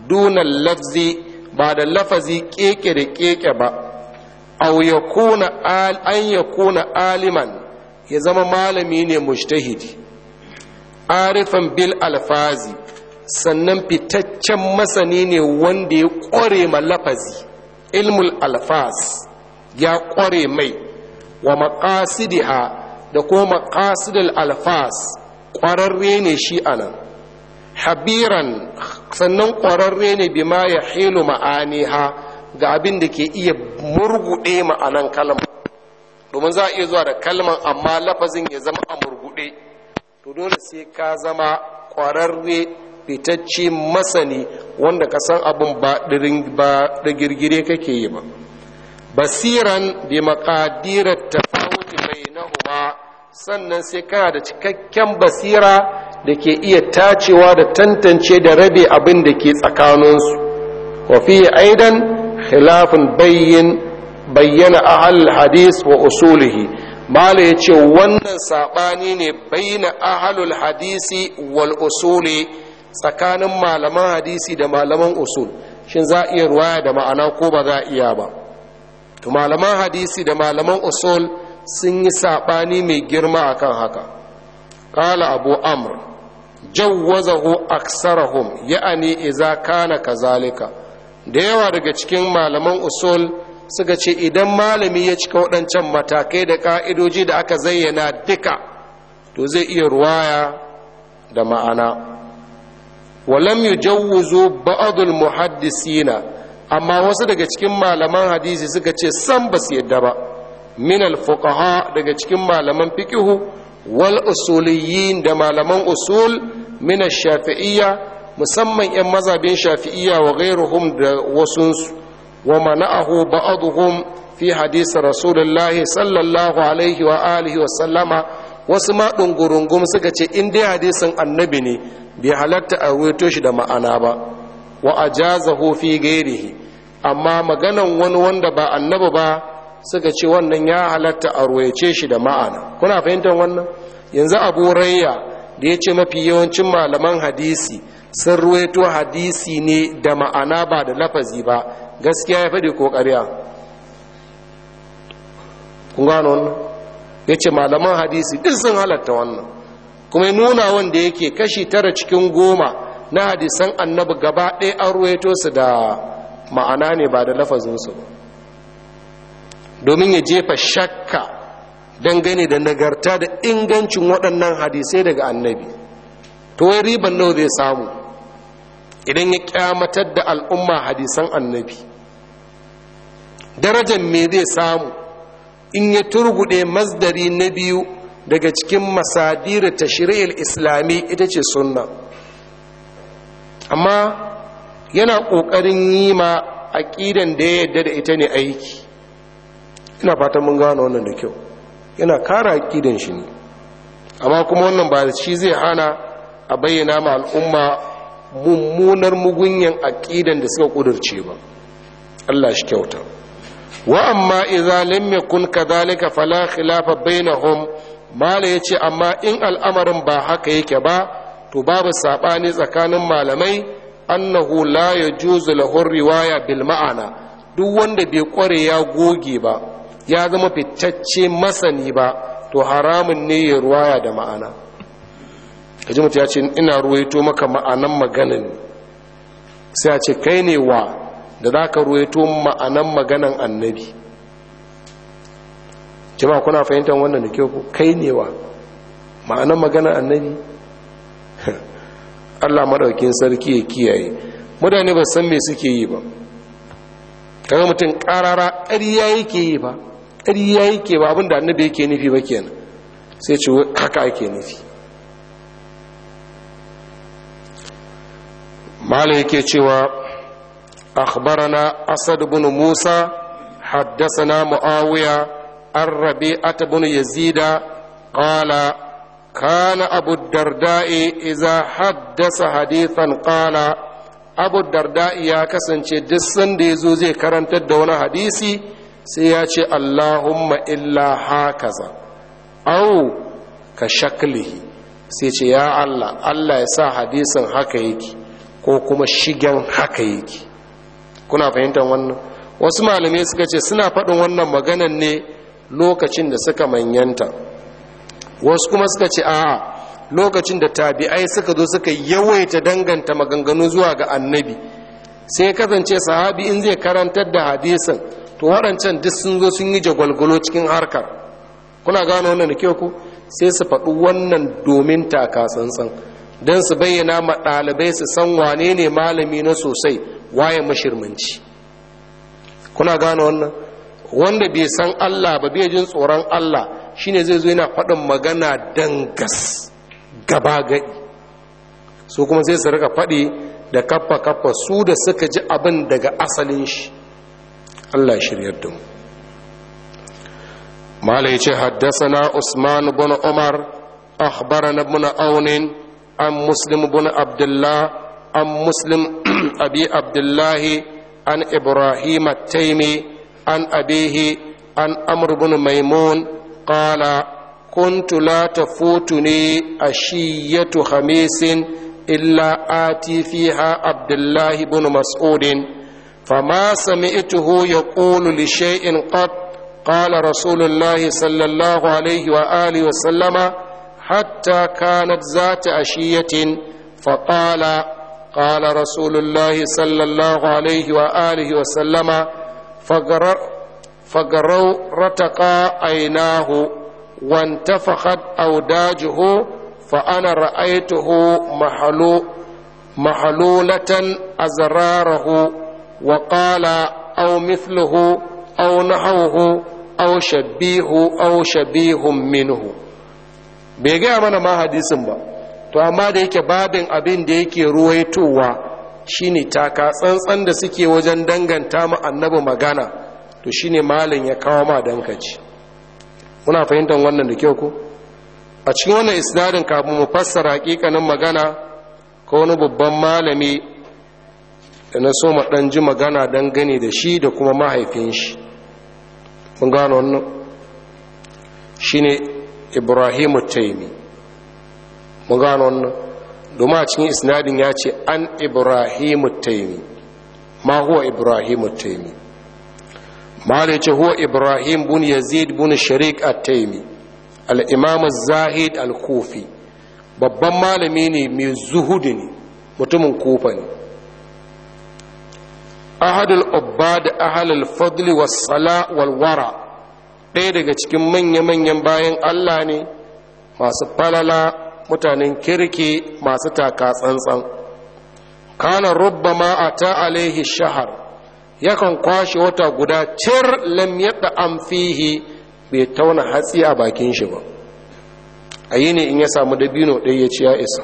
dunan lafzi ba da lafazi keke da keke ba aw yakuna al an yakuna aliman ya zama malami ne mujtahidi arifan bil alfazi sannan fitaccen masani ne wanda ya kware ma lafazi ilmul alfaz ya kware mai wa maqasidiha da kuma maqasidul alfaz kwararre ne shi anan habiran sannan kwararre ne bima ya hilu ma'aniha ga abin da ke iya murguɗe ma'anan kalma domin za a iya zuwa da kalman amma lafazin ya zama a murguɗe to dole sai ka zama ƙwararre fitacce masani wanda ka san abin ba da girgire kake yi ba basiran bi maƙadirar tafawuti mai nahuma sannan sai kana da cikakken basira da ke iya tacewa da tantance da rabe abin da ke tsakaninsu wa aidan khilafin bayyin bayyana ahal hadis wa usulihi mala ce wannan saɓani ne bayyana ahalul hadisi wal usuli tsakanin malaman hadisi da malaman usul shin za a iya ruwaya da ma'ana ko ba za a iya ba to malaman hadisi da malaman usul sun yi saɓani mai girma akan haka ƙala abu amr jawwazahu aksarahum ya'ani iza kana kazalika da yawa daga cikin malaman usul suka ce idan malami ya cika waɗancan matakai da ƙa'idoji da aka zayyana duka to zai iya ruwaya da ma'ana walam yujawwizu ba'dul muhaddisina amma wasu daga cikin malaman hadisi suka ce san ba su yadda ba min al daga cikin malaman fikihu wal usuliyin da malaman usul min shafiiyya musamman 'yan mazabin shafi'iyya wa gairuhum da wasunsu wa mana'ahu ba'aduhum fi hadisi rasulullahi sallallahu alaihi wa alihi wa sallama wasu ma dungurungum suka ce in dai hadisin annabi ne bai halatta a ruwaito shi da ma'ana ba wa ajazahu fi gairihi amma maganan wani wanda ba annabi ba suka ce wannan ya halatta a ruwaice shi da ma'ana kuna fahimtar wannan yanzu abu rayya da ya ce mafi yawancin malaman hadisi sun ruwaito hadisi ne da ma'ana ba da lafazi ba gaskiya ya faɗi ko ƙarya kun gano wannan ya ce malaman hadisi ɗin sun halatta wannan kuma nuna wanda yake kashi tara cikin goma na hadisan annabi gaba ɗaya an ruwaito su da ma'ana ne ba da lafazinsu ba domin ya jefa shakka dangane da nagarta da ingancin waɗannan hadisai daga annabi to wai riban nawa zai samu idan ya kyamatar da al'umma hadisan annabi darajar me zai samu in ya turgude masdari na biyu daga cikin masadira ta shirayar islami ita ce sunna amma yana ƙoƙarin yi ma aƙidan da ya yadda da ita ne aiki ina fatan mun gano wannan da kyau yana kara aƙidan shi ne amma kuma wannan ba shi zai hana a bayyana ma al'umma mummunar mugunyan aƙidan da suka ƙudurce ba Allah shi kyauta wa amma iza lam yakun kadhalika fala khilafa bainahum mala yace amma in al'amarin ba haka yake ba to babu sabani tsakanin malamai annahu la yajuzu lahu riwaya bil ma'ana duk wanda bai kware ya goge ba ya zama fitacce masani ba to haramun ne ya ruwaya da ma'ana kaji mutu ya ce ina ruwaito maka ma'anan maganin sai a ce kai ne wa da za ka ruwaito ma'anan maganan annabi jama'a kuna fahimtar wannan da kyau kai ne wa ma'anan maganan annabi allah maɗaukin sarki ya kiyaye mutane ba san me suke yi ba kaga mutum ƙarara ƙarya yake yi ba ƙarya yake ba abinda annabi yake nufi ba kenan sai ce haka ake nufi malam cewa akhbarana asad bin musa haddasana muawiya an rabi ata bin yazida qala kana abu darda'i iza haddasa hadithan qala abu darda'i ya kasance duk sanda yazo zai karantar da wani hadisi sai ya ce allahumma illa hakaza au ka shaklihi sai ce ya allah allah ya sa hadisin haka yake ko kuma shigen haka yake kuna fahimtar wannan wasu malamai suka ce suna faɗin wannan maganan ne lokacin da suka manyanta wasu kuma suka ce a'a lokacin da tabi'ai suka zo suka yawaita danganta maganganu zuwa ga annabi sai kasance sahabi in zai karantar da hadisin to waɗancan duk sun zo sun yi jagwalgwalo cikin harkar kuna gano wannan da kyau ku sai su faɗi wannan domin taka tsantsan don su bayyana ma ɗalibai su san wane ne malami na sosai waye mashirmanci kuna gane wannan wanda bai san allah ba bai jin tsoron allah shine zai zo yana faɗin magana dangas gaba gaɗi su kuma sai su rika faɗi da kafa-kafa su da suka ji abin daga asalin shi allah shiryar da mu ce haddasa na usman bin umar na ابن aunin. عن مسلم بن عبد الله عن مسلم أبي عبد الله عن إبراهيم التيمي عن أبيه عن أمر بن ميمون قال كنت لا تفوتني أشية خميس إلا آتي فيها عبد الله بن مسعود فما سمعته يقول لشيء قط قال رسول الله صلى الله عليه وآله وسلم حتى كانت ذات عشية فقال قال رسول الله صلى الله عليه وآله وسلم فقروا رتقا عيناه وانتفخت أوداجه فأنا رأيته محلو محلولة أزراره وقال أو مثله أو نحوه أو شبيه أو شبيه منه bai gaya mana ma hadisin ba to amma da yake babin abin da yake ruwaitowa shine taka tsantsan da suke wajen danganta mu annabi magana to shine malin ya kawo ma dankaci muna fahimtar wannan da kyau ko a cikin wannan isnadin kafin mu fassara hakikanin magana ko wani babban malami da na so ɗan ji magana don gani da shi da kuma mahaifin shi mun gano wannan shine ibrahim taimi mun gano wannan domin a cikin isnadin ya ce an ibrahim taimi ma huwa ibrahim taimi ma da ce huwa ibrahim bin yazid bun sharik a taimi al-imam zahid al kofi babban malami ne mai zuhudi ne mutumin kufa ne ahadul ubba da ahalul fadli was wal wara ɗaya daga cikin manya-manyan bayan allah ne masu falala mutanen kirki masu taka tsantsan kana rubba ma a ta alaihi shahar yakan kwashe wata guda cir lam yadda amfihi bai tauna hatsi a bakin shi ba a yi ne in ya samu dabino ɗaya ya ci ya isa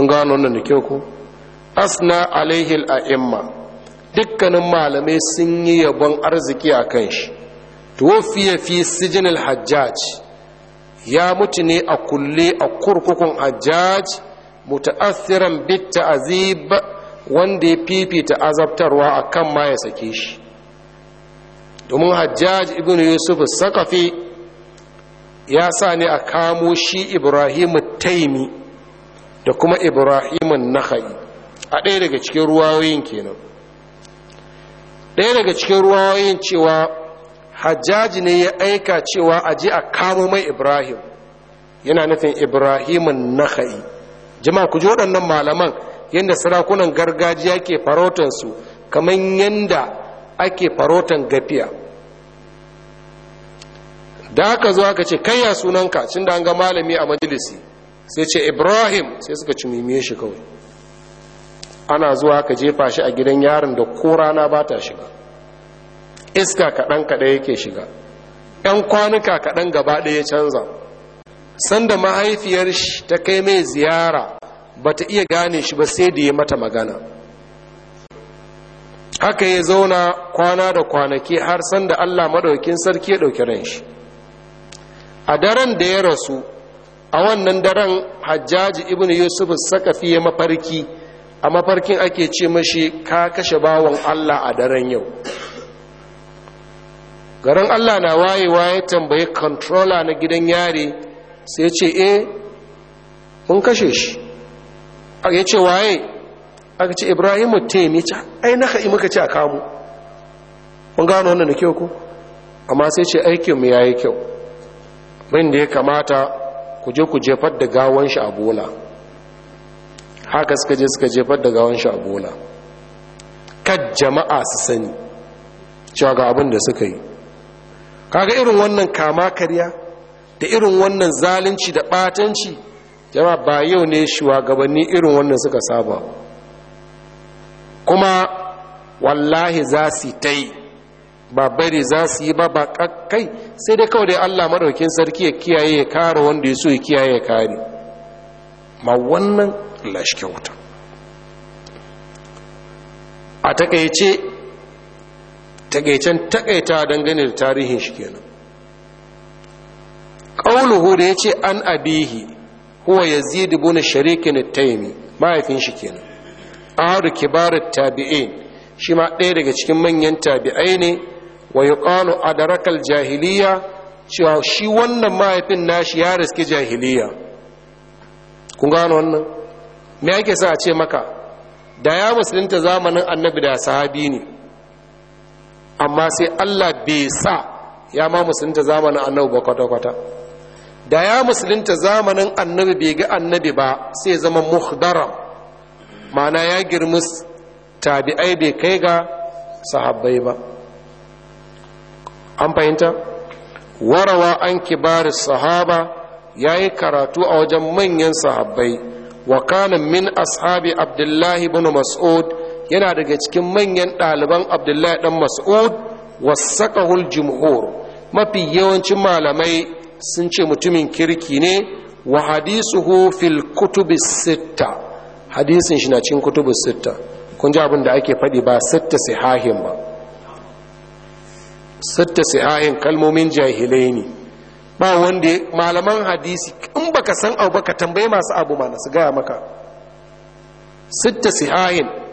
mun gano nan da kyau ku asna alaihi al'imma dukkanin malamai sun yi yabon arziki a kan shi tuwafiya fi sijinil hajjaj ya mutu ne a kulle a kurkukun hajjaj bitta a ziba wanda ya fifita azabtarwa akan ma ya sake shi domin hajjaj ibn yusuf sakafi ya sa ne a kamo shi ibrahim taimi da kuma ibrahim nahai a ɗaya daga cikin ruwayoyin kenan ɗaya daga cikin ruwayoyin cewa hajjaji ne ya aika cewa a je a kamo mai ibrahim yana nufin ibrahimun ha'i jima ku ji waɗannan malaman yadda sarakunan gargajiya ke farautansu kamar yadda ake farautan gafiya da aka zuwa aka ce kai ya sunanka cin da an ga malami a majalisi sai ce ibrahim sai suka cimimiye shi kawai ana zuwa ka jefa shi a gidan yaron da ko rana ba ta shiga iska kaɗan kaɗan yake shiga ‘yan kwanuka kaɗan gaba ɗaya canza sanda mahaifiyar shi ta kai mai ziyara ba ta iya gane shi ba sai da ya mata magana haka ya zauna kwana da kwanaki har sanda allah maɗaukin sarki ya ɗauki ran shi a daren da ya rasu a wannan daren hajjaji ibn yusuf sakafi ya mafarki a mafarkin ake ce mashi ka kashe bawon allah a daren yau garin allah na wayewa ya tambayi controller na gidan yare sai ce eh mun kashe shi ya ce waye aka ce ibrahimu taimi ce ai na yi muka ce a kamu mun gano wannan da kyau ku amma sai ce aikinmu ya yi kyau bin da ya kamata ku je ku jefar da gawon shi a bola haka suka je suka jefar da gawon shi a bola kad jama'a su sani cewa ga abin da suka yi kaga irin wannan kama karya da irin wannan zalunci da batanci jama ba yau ne shugabanni irin wannan suka saba kuma wallahi za su ta yi ba bari za su yi ba ba kakkai sai dai kawai dai allah maɗaukin sarki ya kiyaye ya kare wanda ya so ya kiyaye ya kare ma wannan lashe kyauta a takaice takaicen takaita dangane da tarihin shi kenan ƙauluhu da ya ce an abihi huwa yazid shariki na taimi mahaifin shi kenan ahadu kibarar tabi'in shi ma ɗaya daga cikin manyan tabi'ai ne wa a darakar jahiliya cewa shi wannan mahaifin nashi ya riske jahiliya kun gano wannan me ake sa a ce maka da ya musulunta zamanin annabi da sahabi ne amma sai Allah bai sa ya ma musulunta zamanin annabi ba kwata-kwata da ya musulunta zamanin annabi bai ga annabi ba sai zama muhdara. ma'ana ya girmi tabi'ai bai kai ga sahabbai ba an fahimta warawa an kibar sahaba ya yi karatu a wajen manyan sahabbai wa kanan min ashabi abdullahi bin mas'ud yana daga cikin manyan ɗaliban abdullahi ɗan mas'ud wasaƙahul jumhur mafi yawancin malamai sun ce mutumin kirki ne wa hadisuhu fil kutubis sitta hadisin shi na cikin kutubis sitta kun ji abin da ake faɗi ba sitta sihahin ba sitta sihahin kalmomin jahilai ne ba wanda malaman hadisi in baka san abu baka tambaye masu abu na su gaya maka sitta sihahin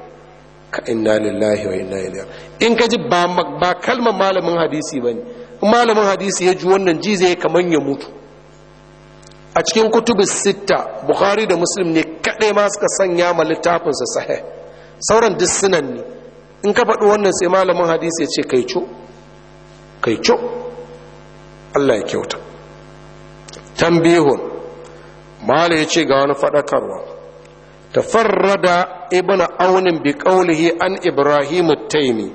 ka inna lillahi wa inna ilaihi in ka ji ba ba kalmar malamin hadisi bane in malamin hadisi ya ji wannan ji zai kaman ya mutu a cikin kutubu sitta bukhari da muslim ne kadai ma suka sanya ma littafin sa sahih sauran duk sunan ne in ka faɗi wannan sai malamin hadisi ya ce kai co kai co Allah ya kyauta tambihun mala ya ce ga wani faɗakarwa تفرد ابن عون بقوله عن ابراهيم التيمي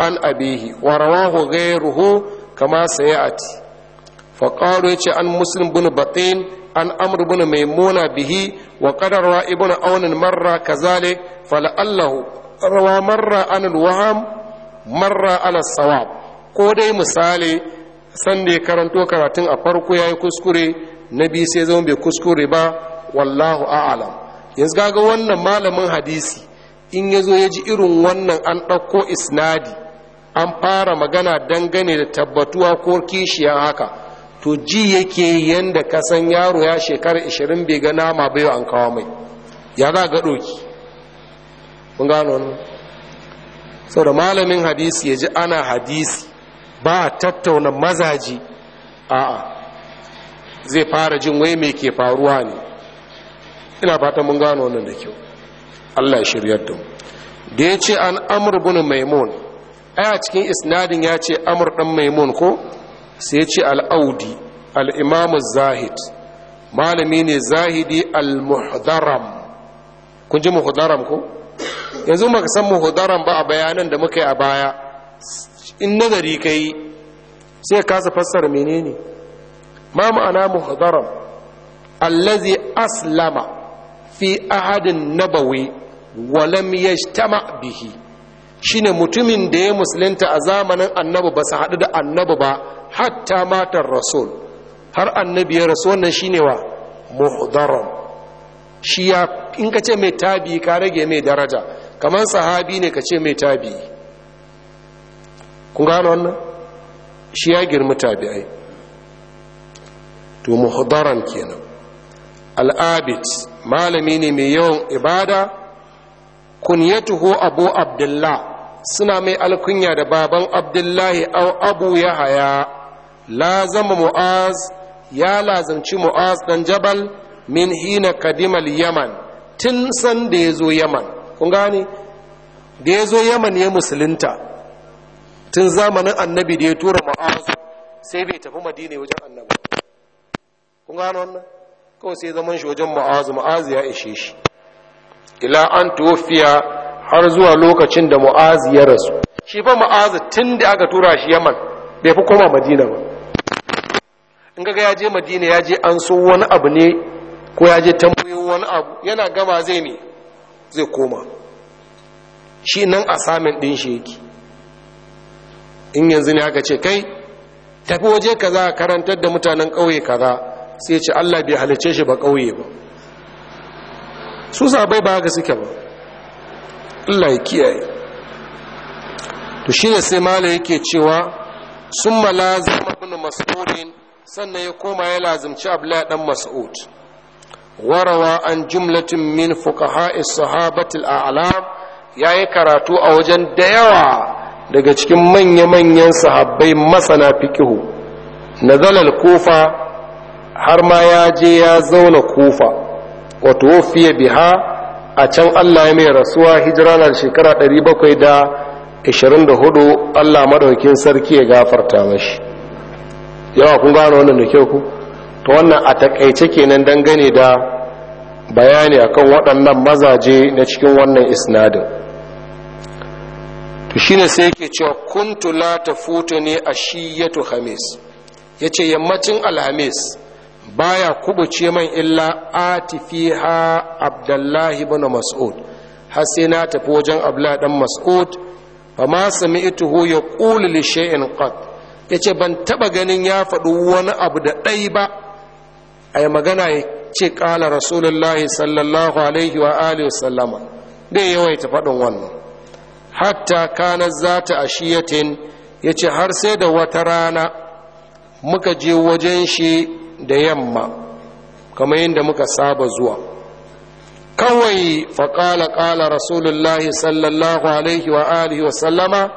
عن ابيه ورواه غيره كما سيأتي فقالوا عن مسلم بن بطين عن امر بن ميمون به وقد روى ابن عون مرة كذلك فلعله روى مرة عن الوهم مرة على الصواب قودي مثالي sande karanto karatun a farko ya yi kuskure na biyu sai zama bai kuskure ba wallahu a'alam yanzu gaga wannan malamin hadisi in ya zo ya ji irin wannan an ɗauko isnadi an fara magana dangane da tabbatuwa ko kishiyar haka to ji yake yanda kasan yaro ya shekara 20 bai ga nama bai an kawo mai ya za ga ɗoki mun gano wannan sau da malamin hadisi ya ji ana hadisi ba a tattauna mazaji a'a zai fara jin wai mai ke faruwa ne ina fatan mun gano wannan da kyau Allah ya shiryar da mu da ya ce an amr bin maimun aya cikin isnadin ya ce amur ɗan maimun ko sai ya ce al'audi. audi zahid malami ne zahidi al-muhdaram kun ji muhdaram ko yanzu maka san muhdaram ba a bayanan da muka yi a baya in nazari kai sai kasa fassara menene ma ma'ana muhdaram allazi aslama fi ahadin nabawi walam yajtama bihi shine mutumin da ya musulunta a zamanin annabi ba su haɗu da annabi ba hatta matar rasul har annabi ya rasu wannan shine wa muhdaram shi ya in ka ce mai tabi ka rage mai daraja kamar sahabi ne ka ce mai tabi kun gano wannan shi ya girma tabi'ai to muhdaram kenan Al'abit, malami ne mai yawan ibada kunyatuhu abu abdullah suna mai alkunya da baban abdullahi au abu ya haya lazama mu'az ya lazanci mu'az dan jabal min hina kadimal yaman tun san da ya zo yaman kun gane da ya zo yaman ya musulunta tun zamanin annabi da ya tura mu'az sai bai tafi madina wajen annabi kun gane wannan kawai sai zaman shi wajen ma'azu ma'azu ya ishe shi ila an tuwafiya har zuwa lokacin da mu'azu ya rasu shi fa mu'azu tun da aka tura shi yaman bai fi koma madina ba in ga ya je madina ya je an so wani abu ne ko ya je wani abu yana gama zai ne zai koma shi nan asamin ɗin shi in yanzu ne aka ce kai tafi waje kaza karantar da mutanen ƙauye kaza sai ce Allah bai halice shi ba ƙauye ba su sabai ba ga suke ba Allah ya kiyaye to ne sai mala yake cewa sun malazim ibn mas'udin sannan ya koma ya lazimci abdullahi dan mas'ud warawa an jumlatin min as-sahabati al a'lam yayi karatu a wajen da yawa daga cikin manya-manyan sahabbai masana fikihu nazalal kufa har ma ya je ya zauna kufa wato wofiye biha a can allah ya mai rasuwa hijira na shekara 724 allah madaukin sarki ya gafarta mashi yawa kun gano wannan da kyau ku ta wannan a takaice kenan dangane da bayani akan waɗannan mazaje na cikin wannan isnadin to shine sai yake cewa kuntu la tafutuni hamis ya yace yammacin alhamis baya kubuce man illa atifiha abdullahi ibn mas'ud har sai na tafi wajen abla dan mas'ud fa ma sami'tuhu yaqulu li shay'in qat yace ban taba ganin ya faɗi wani abu da ɗai ba ai magana ya ce ƙala rasulullahi sallallahu alaihi wa alihi sallama yawai yawaita faɗin wannan hatta kana zata ashiyatin yace har sai da wata rana muka je wajen shi da yamma kamar yadda muka saba zuwa kawai faƙala ƙala rasulullahi sallallahu alaihi wa alihi wa sallama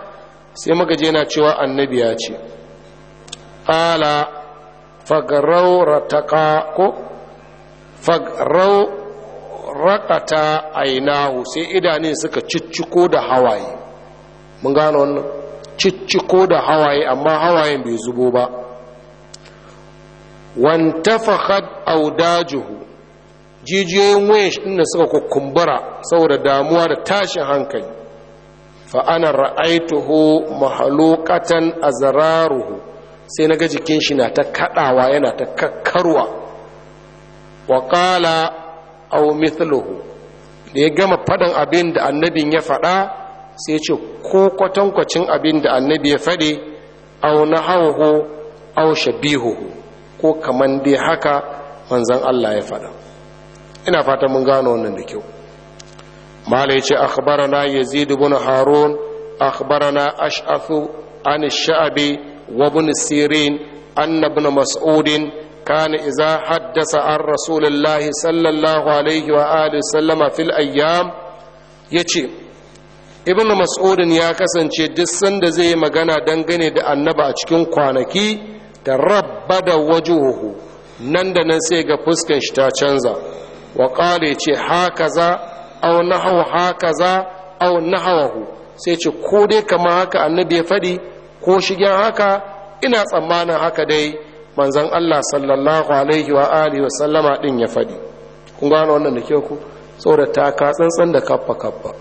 sai muka je na cewa annabi ya ce ƙala fagaraurataka ko ainihu sai idanun suka cicciko da hawaye mun gano wannan cicciko da hawaye amma hawayen bai zubo ba wantafahad audajuhu jijiyoyin wayan shi inda suka kukumbura saboda damuwa da tashin hankali fa ana ra'aituhu mahalukatan azraruhu sai naga jikin shi na ta kadawa yana ta kakkarwa wa qala aw da ya gama fadan abin da annabin ya faɗa sai ce ko kwatankwacin abin da annabi ya faɗi au na hauhu au shabihuhu ko kaman dai haka manzan Allah ya faɗa ina fata mun gano wannan da kyau malai ya ce akhbarana yazid ibn harun akhbarana ash'afu an sha'abi wa ibn sirin anna ibn mas'ud kana idza haddasa an rasulullahi sallallahu alaihi wa alihi sallama fil ayyam yace ibn mas'ud ya kasance duk sanda zai yi magana dangane da annaba a cikin kwanaki Da rabba da wajuhu nan da nan sai ga fuskan shi ta canza wa ƙale ce haka za au nahawa haka za au nahawahu sai ce ko dai kamar haka annabi ya faɗi ko shigen haka ina tsammanin haka dai manzon Allah sallallahu alaihi wa alihi wa sallama din ya faɗi kun gano wannan da kyau ku saboda ta ka tsantsan da kaffa kaffa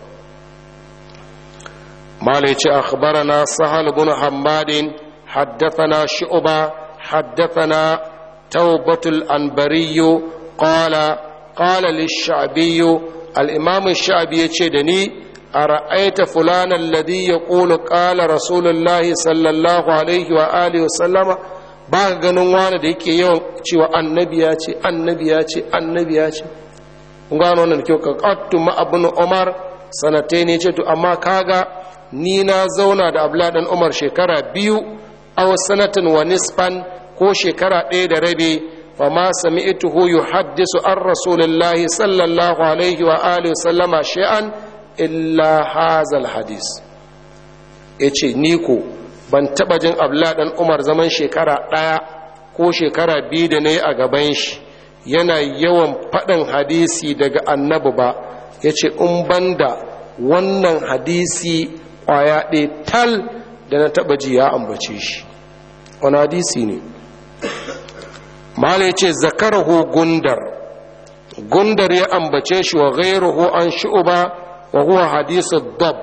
malai ce akhbarana sahal bin hammadin حدثنا شعبة حدثنا توبة الأنبري قال قال للشعبي الإمام الشعبي يتشدني أرأيت فلان الذي يقول قال رسول الله صلى الله عليه وآله وسلم ba ganin wani da yake yawan cewa annabi ya ce annabi ce annabi ce kun gano wannan kyau ka ma abun umar sanatai ne ce to amma kaga ni na zauna da abladan umar shekara biyu aw sanatan wa nisfan ko shekara ɗaya da rabi fa ma sami'tuhu yuhaddisu an rasulillahi sallallahu alaihi wa alihi sallama shay'an illa hazal hadis yace ni ko ban taba jin abla ɗan umar zaman shekara ɗaya ko shekara biyu da ne a gaban shi yana yawan faɗin hadisi daga annabi ba yace in banda wannan hadisi ƙwaya ɗaya tal da na taɓa ji ya ambace shi wani hadisi ne mala ya ce zakarahu gundar gundar ya ambace shi wa gairuhu an shi'uba wa huwa hadisu dab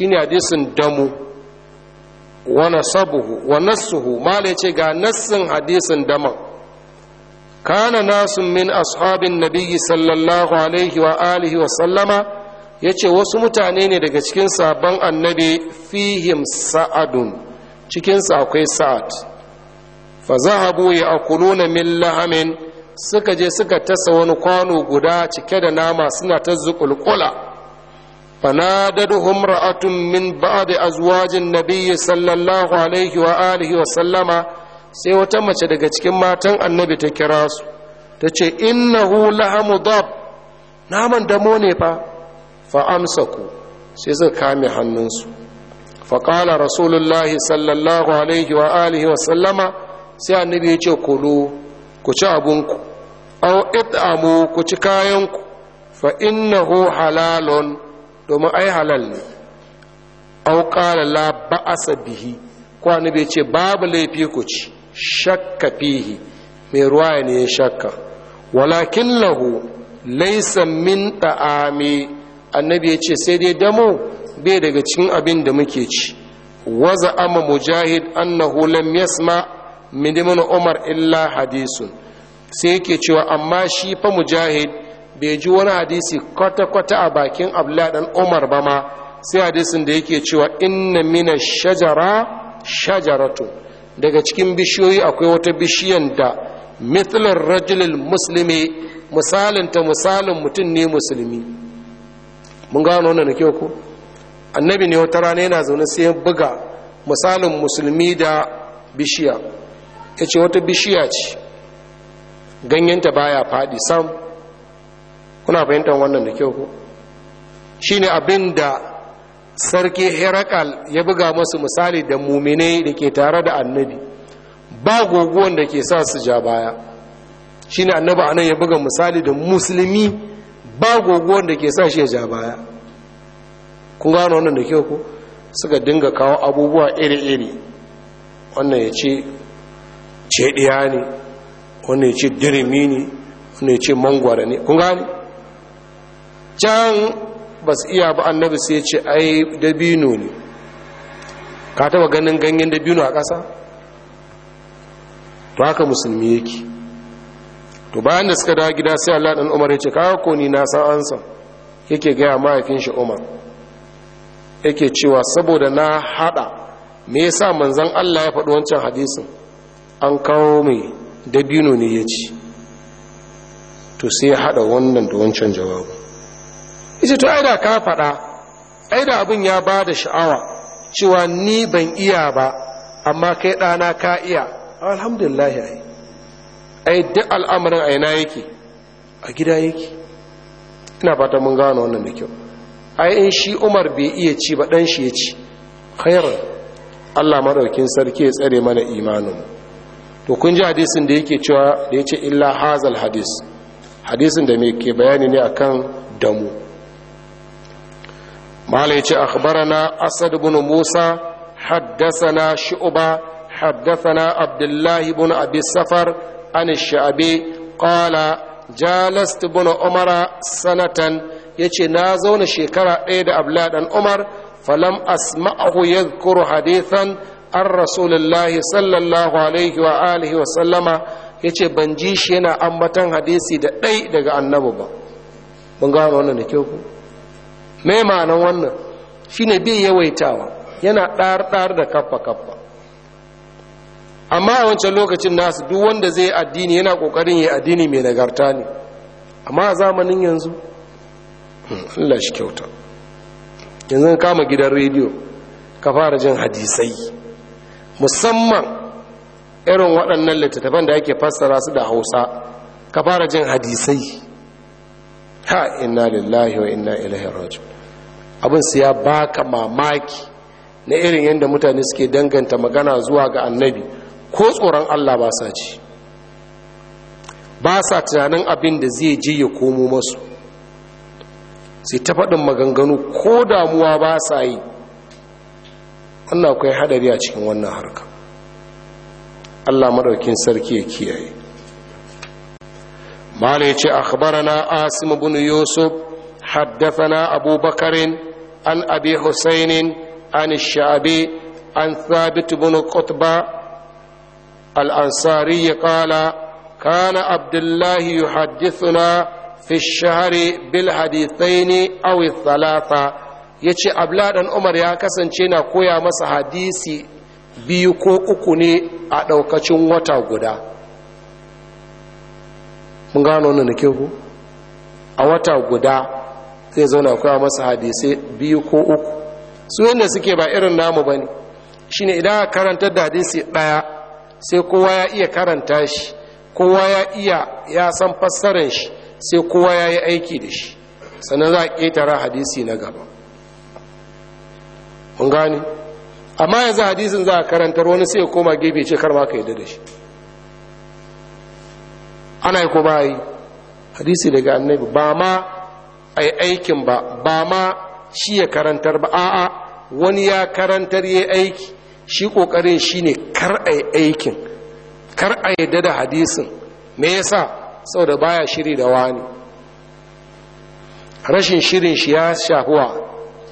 ne hadisin damu wa nasabuhu wa nassuhu mala ya ce ga nassin hadisin dama. kana nasun min ashabin nabiyyi sallallahu alaihi wa alihi wa sallama ya ce wasu mutane ne daga cikin sabon annabi fihim sa'adun cikinsu akwai sa'ad fa zahabu ya akuluna min lahamin suka je suka tasa wani kwano guda cike da nama suna ta zuƙulƙula fanadaduhum ra'atun min ba'di azwajin nabiyyi sallallahu alaihi wa alihi wa sallama sai wata mace daga cikin matan annabi ta kira su ta ce innahu lahamu dab naman damo ne fa fa amsaku sai suka kame hannunsu faƙala rasulullahi sallallahu alaihi wa wa sallama sai annabi ya ce kulu ku ci abinku aw it'amu ku ci kayanku fa innahu halalun domin ai halal ne la ba'asa bihi ko annabi ce babu laifi ku ci shakka fihi mai ruwaya ne ya shakka walakin lahu laysa min ta'ami annabi ya ce sai dai damo bai daga cikin abin da muke ci waza amma mujahid annahu lam yasma min umar illa hadisun sai yake cewa amma shi fa mujahid bai ji wani hadisi kwata-kwata a bakin dan umar ba ma sai hadisin da yake cewa inna mina shajara shajaratu daga cikin bishiyoyi akwai wata bishiyan da mithlar rajulil muslimi ta misalin mutum ne musulmi mun gano wannan kyau ko annabi ne wata rana yana zaune sai ya buga misalin musulmi da bishiya ya ce wata bishiya ce ganyenta baya faɗi sam kuna fahimtar wannan da kyau ko ne abin da sarki herakal ya buga masu misali da muminai da ke tare da annabi ba goguwan da ke sa su ja baya Shi ne annabi anan ya buga misali da musulmi ba goguwan da ke sa shi ya ja baya kun gano wannan da kyau ku suka dinga kawo abubuwa iri-iri wannan ya ce cediya ne wannan ya ce dirimi ne wannan ya ce mangwara ne kun gane can ba su iya ba annabi sai ce ai dabino ne ka taba ganin ganyen dabino a ƙasa to haka musulmi yake to bayan da suka dawo gida sai Allah dan Umar ya ce kawo ko ni na san ansa yake gaya mahaifin shi Umar yake cewa saboda na hada me yasa manzon Allah ya faɗi wancan hadisin an kawo mai dabino ne ya ci to sai ya hada wannan da wancan jawabu ita to aida ka faɗa aida abin ya ba da sha'awa cewa ni ban iya ba amma kai ɗana ka iya alhamdulillah ai ai duk al'amarin aina yake a gida yake ina fata mun gano wannan da kyau ai in shi umar bai iya ci ba dan shi ya ci khairan Allah madaukin sarki ya tsare mana imanin to kun ji hadisin da yake cewa da yace illa hazal hadis hadisin da mai ke bayani ne akan damu mala yace akhbarana asad ibn musa haddathana shu'ba haddathana abdullah ibn abi safar an ash-sha'bi qala jalastu ibn umara sanatan ya ce na zauna shekara ɗaya da abla ɗan umar falam asma'ahu ya kuru hadithan an rasulullahi sallallahu alaihi wa alihi wa sallama ya ce ban ji shi yana ambatan hadisi da ɗai daga annabu ba Mun gano wannan da kyau ku mai ma'anan wannan shine bai yawaitawa yana ɗar-ɗar da kaffa-kaffa amma a wancan lokacin nasu duk wanda zai addini yana ƙoƙarin yi addini mai nagarta ne amma a zamanin yanzu Hmm, Allah shi kyauta yanzu kama gidan rediyo ka fara jin hadisai musamman irin waɗannan littattafan da ake fassara su da hausa ka fara jin hadisai ha inna lillahi wa inna ilaihi raji'un abin su ya baka mamaki na irin yadda mutane suke danganta magana zuwa ga annabi ko tsoron Allah ba sa ci ba sa tunanin abin da zai je ya komo masu sai ta faɗin maganganu ko damuwa ba sa yi wannan akwai hadari a cikin wannan harka allah maɗaukin sarki ya kiyaye mala ya ce akhbarana asim bin yusuf haddathana abubakarin an abi husainin an sha'abi an thabit bin qutba al-ansari ƙala, kana abdullahi yuhaddithuna fi shahari bil hadithaini aw thalatha yace abla dan umar ya kasance na koya masa hadisi biyu ko uku ne a daukacin wata guda mun gano wannan da kyau ku a wata guda zai zauna koya masa hadisi biyu ko uku su yadda suke ba irin namu bane shine idan a karanta da hadisi ɗaya, sai kowa ya iya karanta shi kowa ya ya san fassarar shi sai kowa ya yi aiki da shi sannan za a ƙetara hadisi na gaba mun gane amma yanzu hadisin za a karantar wani sai koma gefe ce kar ma ka yadda da shi ana yi ko ba yi hadisi daga annabi ba ma a yi aikin ba ba ma shi ya karantar ba a'a wani ya karantar ya aiki shi ƙoƙarin shi ne kar a yi aikin kar a yadda da hadisin me yasa saboda baya shiri da wani rashin shirin shi ya shahuwa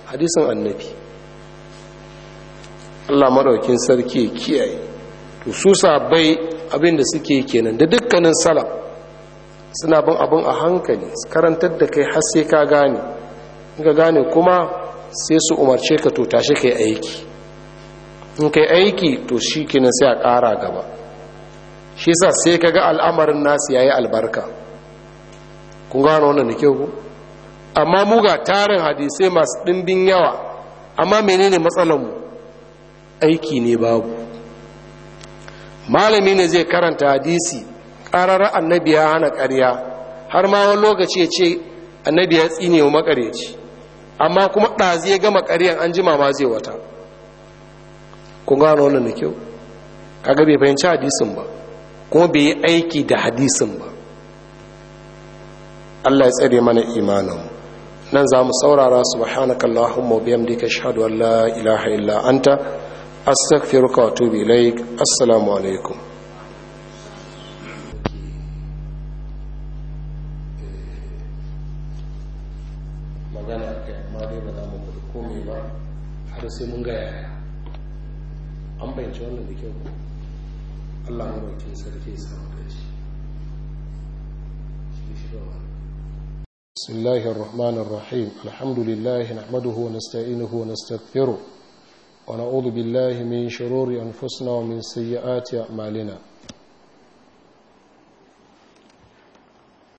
hadisin annabi Allah maɗaukin sarki kiyaye to su sabai abin da suke kenan da dukkanin Salam suna bin abin a hankali su karantar da kai har sai ka gane in ka gane kuma sai su umarce ka to tashi kai aiki in kai aiki to shi kenan sai a ƙara gaba shi sa sai ka ga al'amarin nasu yayi albarka kun gano wannan da kyau ku amma muga tarin hadisai masu ɗimbin yawa amma menene mu? aiki ne babu malami ne zai karanta hadisi ƙarar annabi ya hana ƙarya har ma wani lokaci ya ce annabi ya tsine wa makareci amma kuma ɗazi ya gama ƙaryan an jima ma zai wata kun gano wannan da kyau kaga bai fahimci hadisin ba ko bai yi aiki da hadisin ba Allah ya tsare mana imanin nan za mu saurara subhanaka allahumma bihamdika ashhadu an Allah ilaha illa anta astaghfiruka wa atubu laik assalamu alaikum da kyau Allah ya mace sarki sauransu. Bismillah Bismillahir Rahmanir Rahim, Alhamdulillah, Na'maduhu wa nasta'inuhu wa nastaghfiruh wa na'udhu min shururi anfusina wa min sayyi'ati a'malina.